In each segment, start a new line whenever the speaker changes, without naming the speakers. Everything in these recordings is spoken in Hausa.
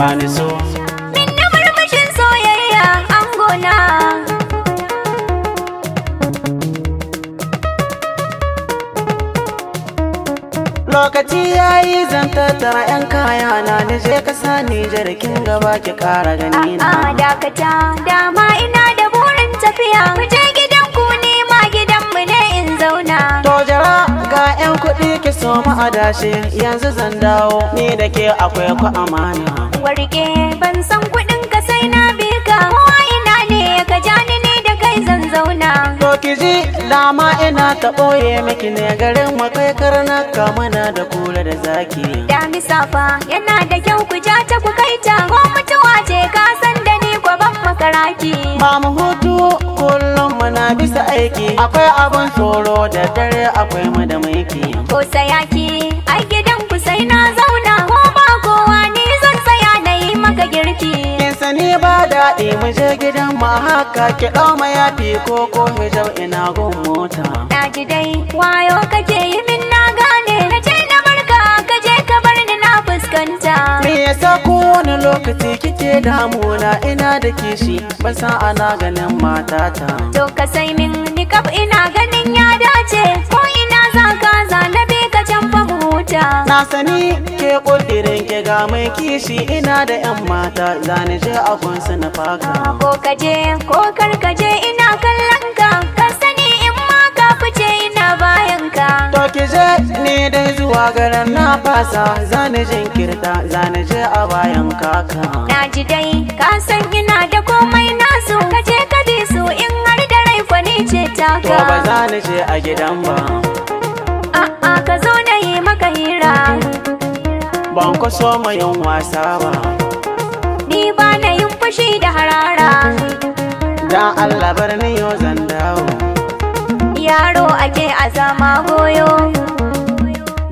bani so
min da murmushin soyayya an gona
lokaci yayi zan tattara yan kaya na ni je ka sani jarkin gaba ki kara gani na a dakata dama ina
da burin tafiya mu gidan ku ne ma gidan mu ne in zauna
to jara ga yan kuɗi ki so mu adashe yanzu zan dawo ni da ke akwai ku amana
warke ban san kuɗin
ka sai na bi ka hawa ina ne ka ja ni ne da kai zan zauna to ki ji dama ina ta ɓoye miki ne garin makai karna ka mana da kula da zaki da misafa yana da kyau ku ja ta ku kai ta ko mutuwa ce ka
san da ni ko ban makaraki ba mu hutu kullum muna bisa aiki
akwai abin tsoro da dare akwai madamaiki da maiki
ko sayaki Ai gidan
ku sai na zama. ni ba daɗi mu je gidan mu haka ki ɗau mayafi ko ko hijab ina gun mota.
ji dai wayo kake yi min na gane na ce na barka ka je ka bar ni na fuskanta.
Me yasa wani lokaci kike damuna ina da kishi ban san ana ganin matata. To ka sai sani ke kudirin ke ga mai kishi ina da yan mata zane je a kunsu na faka ko kaje ko karkaje ina kallon ka ka sani in ma ka fice ina bayan ka to ki je ni da zuwa garin na fasa zane jinkirta zane je a bayan kaka
na ji dai ka san ina da komai nasu kaje ka bi su in har da rai kwani ce taka to ba zane
je a gidan ba ban kaso so 'yan wasa ba
ni ba na yin fushi da harara
dan Allah bar ni yo zan dawo
yaro ake azama zama goyo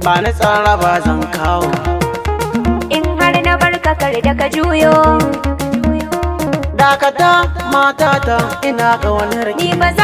ba na tsara ba zan kawo
in har na bar ka da ka juyo dakata matata ina ga wani ni